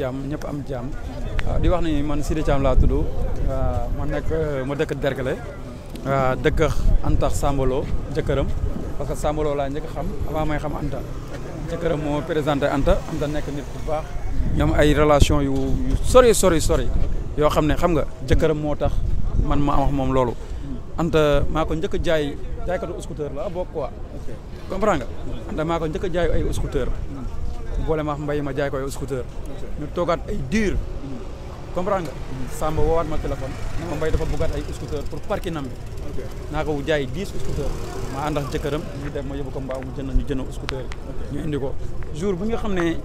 jàmm ñëpp am jàmm ah, di wax ni man Sidi Thiam laa tudd ah, ma nekk ma dëkk Derklé ah, dëkk antax Sambolo jëkkëram parce que Sambolo laa njëkk xam avant may xam Anta jëkkëram moo présenté Anta da nekk nit bu baax ñoom ay relation yu yu sori sori sori yoo xam ne xam nga jëkkëram moo tax man ma wax moom loolu Anta maa ko njëkk jaay jaaykatu scooter la bokk quoi comprends nga Anta maa ko njëkk jaay ay scooter boole ma mbay ma jaay ko ay scooter ñu toogaat ay diir comprendre nga Samba woowaat ma téléphone ma mbay dafa bëggaat ay scooter pour parking am bi naa ko jaay dix scooter ma ànd ak jëkkëram ñu def ma yóbbu ko mbaaw mu jënd ñu jënd scooter yi ñu indi ko jour bi nga xam ne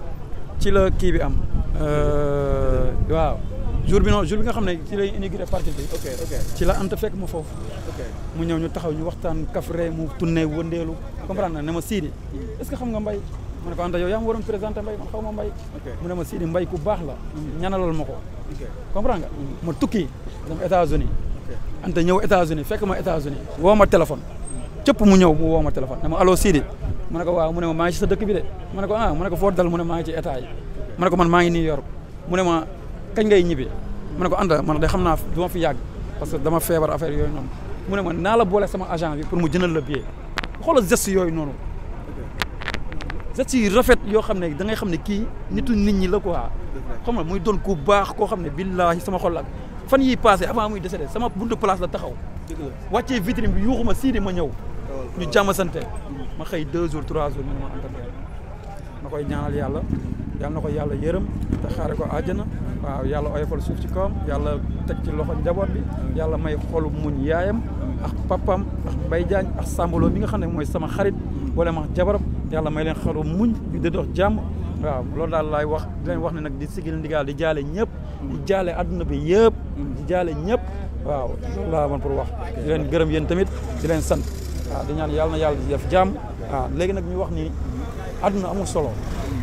ci la kii bi am euh, waaw jour bi non jour bi nga xam ne ci lay inauguré parti bi ci la am te fekk ma foofu mu ñëw ñu taxaw ñu waxtaan kafre mu tourné wëndeelu comprendre ne ma siidi est que xam nga mbay mu ne ko Anta yow yaa ma waroon ma Mbaye mu ne ma Sidi baax la ñaanalal ma ko comprends nga ma tukki dem États-Unis Anta fekk ma États-Unis ma téléphone cëpp mu ñëw mu woo ma téléphone ma allo Sidi mu ne ko mu ne ma maa sa dëkk bi de mu ne ko ah mu ne ko foo dal mu ne maa ngi ci état yi mu man maa ngi New York mu ne ma kañ ngay ñibbi mu ne ko Anta man de xam naa du ma fi yàgg parce que dama feebar affaire yooyu noonu mu ne ma naa la boole sama agent bi pour mu jënal la billet xoola geste yooyu noonu geste yi rafet yoo xam ne da ngay xam ne kii nitu nit ñi la quoi xam nga muy doon ku baax koo xam ne billaahi sama xol ak fan yi passé avant muy décédé sama buntu place la taxaw wàccee vitrine bi yuuxuma siidi ma ñëw ñu jàmm sante ma xëy deux jours trois jours ñu ne ma entretien ma koy ñaanal yàlla yàlla na ko yàlla yërëm te xaare ko àjjana waaw yàlla oyofal suuf ci kawam yàlla teg ci loxo njaboot bi yàlla may xolu muñ yaayam ak papam ak Mbaye Diagne ak Sambolo mi nga xam ne mooy sama xarit mm. wala ma yàlla may leen xelu muñ ñu di dox jàmm waaw loolu daal laay wax di leen wax ne nag di sigil ndigaal di jaale ñëpp di jaale adduna bi yëpp di jaale ñëpp waaw loolu laa man pour wax leen gërëm yéen tamit ci leen sant waaw di ñaan yàlla na yàlla di def jàmm waaw léegi nag ñu wax ni adduna amul solo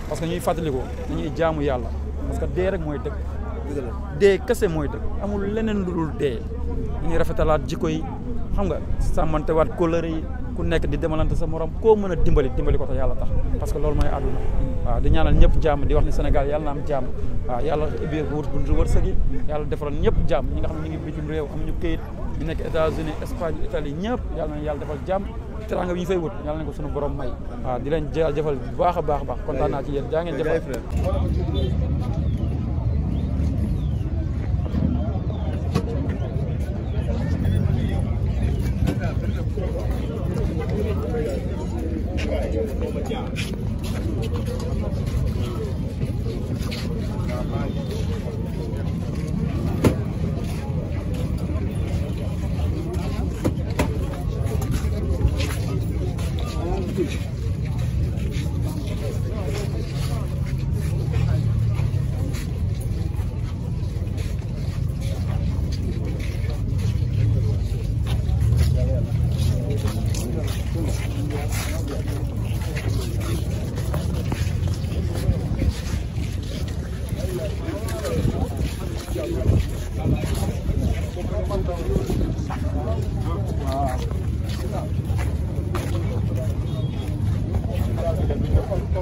parce que ñuy fàttaliku dañuy jaamu yàlla parce que dee rek mooy dëgg dee kese mooy dëgg amul leneen lu dul dee dañuy rafetalaat jikko yi xam nga sàmmantewaat kóllëre yi ku nekk di demalante sa morom ko meuna dimbali dimbali ko ta yalla tax parce que lolou moy aduna wa di ñaanal ñepp jamm di wax ni senegal yalla na am jamm wa yalla biir wuur bu ndu yi yalla defaral ñepp jamm ñi nga xamni ne ngi bitim rew am ñu këyit di nekk États-Unis Espagne Italie ñepp yalla na yalla defal jamm teranga bi fay wut yalla na ko suñu borom may wa di leen jël jaajëfal bu baax baax baax kontaan naa ci yeen ja ngeen jëfal Thank you. Yeah. Oh,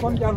kon jàll